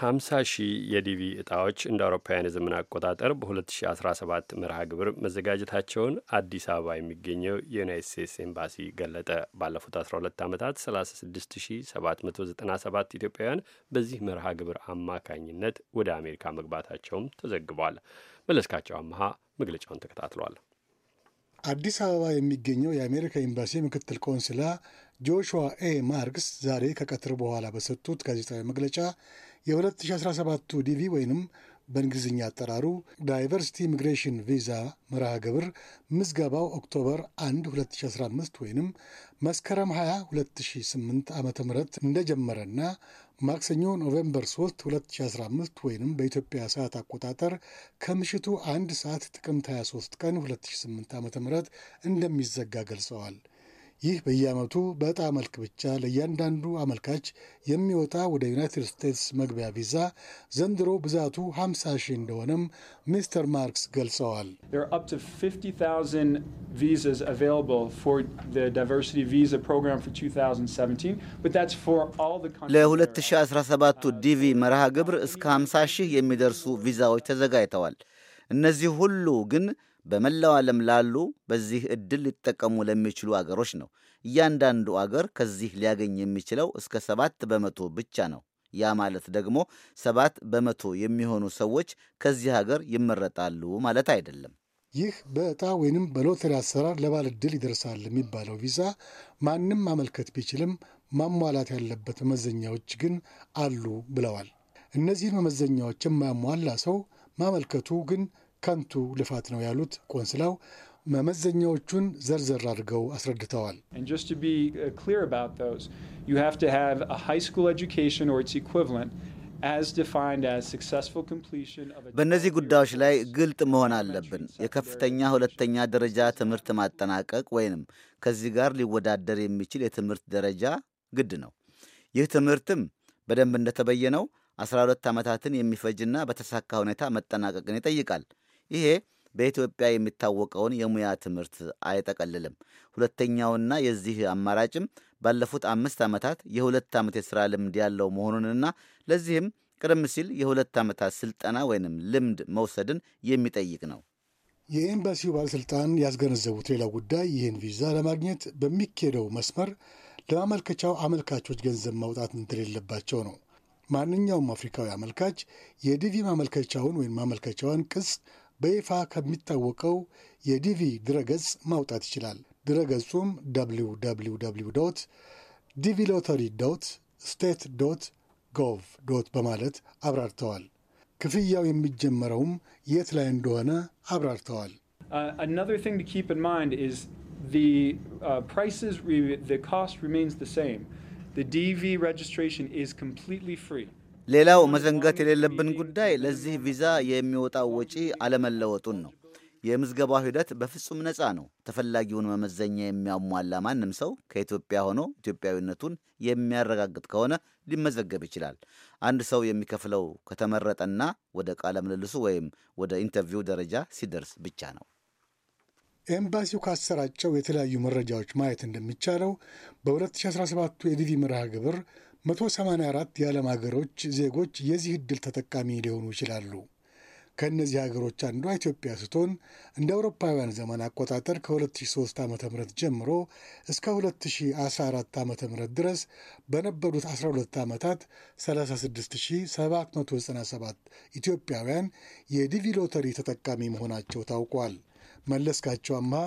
50 ሺህ የዲቪ እጣዎች እንደ አውሮፓውያን የዘመን አቆጣጠር በ2017 መርሃ ግብር መዘጋጀታቸውን አዲስ አበባ የሚገኘው የዩናይት ስቴትስ ኤምባሲ ገለጠ። ባለፉት 12 ዓመታት 36797 ኢትዮጵያውያን በዚህ መርሃ ግብር አማካኝነት ወደ አሜሪካ መግባታቸውም ተዘግቧል። መለስካቸው አመሃ መግለጫውን ተከታትሏል። አዲስ አበባ የሚገኘው የአሜሪካ ኤምባሲ ምክትል ቆንስላ ጆሹዋ ኤ ማርክስ ዛሬ ከቀትር በኋላ በሰጡት ጋዜጣዊ መግለጫ የ2017ቱ ዲቪ ወይንም በእንግሊዝኛ አጠራሩ ዳይቨርሲቲ ኢሚግሬሽን ቪዛ መርሃ ግብር ምዝገባው ኦክቶበር 1 2015 ወይንም መስከረም 20 2008 ዓ ም እንደጀመረና ማክሰኞ ኖቬምበር 3 2015 ወይንም በኢትዮጵያ ሰዓት አቆጣጠር ከምሽቱ 1 ሰዓት ጥቅምት 23 ቀን 2008 ዓ ም እንደሚዘጋ ገልጸዋል። ይህ በየዓመቱ በዕጣ መልክ ብቻ ለእያንዳንዱ አመልካች የሚወጣ ወደ ዩናይትድ ስቴትስ መግቢያ ቪዛ ዘንድሮ ብዛቱ 50 ሺህ እንደሆነም ሚስተር ማርክስ ገልጸዋል። ለ2017ቱ ዲቪ መርሃ ግብር እስከ 50 ሺህ የሚደርሱ ቪዛዎች ተዘጋጅተዋል። እነዚህ ሁሉ ግን በመላው ዓለም ላሉ በዚህ ዕድል ሊጠቀሙ ለሚችሉ አገሮች ነው። እያንዳንዱ አገር ከዚህ ሊያገኝ የሚችለው እስከ ሰባት በመቶ ብቻ ነው። ያ ማለት ደግሞ ሰባት በመቶ የሚሆኑ ሰዎች ከዚህ ሀገር ይመረጣሉ ማለት አይደለም። ይህ በእጣ ወይንም በሎተሪ አሰራር ለባለ ዕድል ይደርሳል የሚባለው ቪዛ ማንም ማመልከት ቢችልም ማሟላት ያለበት መመዘኛዎች ግን አሉ ብለዋል። እነዚህን መመዘኛዎች የማያሟላ ሰው ማመልከቱ ግን ከንቱ ልፋት ነው ያሉት ቆንስላው መመዘኛዎቹን ዘርዘር አድርገው አስረድተዋል። uh, በእነዚህ ጉዳዮች ላይ ግልጥ መሆን አለብን። የከፍተኛ ሁለተኛ ደረጃ ትምህርት ማጠናቀቅ ወይንም ከዚህ ጋር ሊወዳደር የሚችል የትምህርት ደረጃ ግድ ነው። ይህ ትምህርትም በደንብ እንደተበየነው 12 ዓመታትን የሚፈጅና በተሳካ ሁኔታ መጠናቀቅን ይጠይቃል። ይሄ በኢትዮጵያ የሚታወቀውን የሙያ ትምህርት አይጠቀልልም። ሁለተኛውና የዚህ አማራጭም ባለፉት አምስት ዓመታት የሁለት ዓመት የሥራ ልምድ ያለው መሆኑንና ለዚህም ቅድም ሲል የሁለት ዓመታት ስልጠና ወይንም ልምድ መውሰድን የሚጠይቅ ነው። የኤምባሲው ባለሥልጣን ያስገነዘቡት ሌላው ጉዳይ ይህን ቪዛ ለማግኘት በሚካሄደው መስመር ለማመልከቻው አመልካቾች ገንዘብ ማውጣት እንደሌለባቸው ነው። ማንኛውም አፍሪካዊ አመልካች የዲቪ ማመልከቻውን ወይም ማመልከቻዋን ቅጽ በይፋ ከሚታወቀው የዲቪ ድረገጽ ማውጣት ይችላል። ድረገጹም ዲቪ ሎተሪ ዶት ስቴት ዶት ጎቭ ዶት በማለት አብራርተዋል። ክፍያው የሚጀመረውም የት ላይ እንደሆነ አብራርተዋል። ዲቪ ሬጅስትሬሽን ኢዝ ኮምፕሊትሊ ፍሪ ሌላው መዘንጋት የሌለብን ጉዳይ ለዚህ ቪዛ የሚወጣው ወጪ አለመለወጡን ነው። የምዝገባው ሂደት በፍጹም ነፃ ነው። ተፈላጊውን መመዘኛ የሚያሟላ ማንም ሰው ከኢትዮጵያ ሆኖ ኢትዮጵያዊነቱን የሚያረጋግጥ ከሆነ ሊመዘገብ ይችላል። አንድ ሰው የሚከፍለው ከተመረጠና ወደ ቃለ ምልልሱ ወይም ወደ ኢንተርቪው ደረጃ ሲደርስ ብቻ ነው። ኤምባሲው ካሰራጨው የተለያዩ መረጃዎች ማየት እንደሚቻለው በ2017 የዲቪ መርሃ ግብር 184 የዓለም ሀገሮች ዜጎች የዚህ ዕድል ተጠቃሚ ሊሆኑ ይችላሉ። ከእነዚህ ሀገሮች አንዷ ኢትዮጵያ ስትሆን እንደ አውሮፓውያን ዘመን አቆጣጠር ከ2003 ዓ ም ጀምሮ እስከ 2014 ዓ ም ድረስ በነበሩት 12 ዓመታት 36797 ኢትዮጵያውያን የዲቪ ሎተሪ ተጠቃሚ መሆናቸው ታውቋል። መለስካቸው አምሃ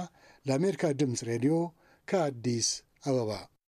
ለአሜሪካ ድምፅ ሬዲዮ ከአዲስ አበባ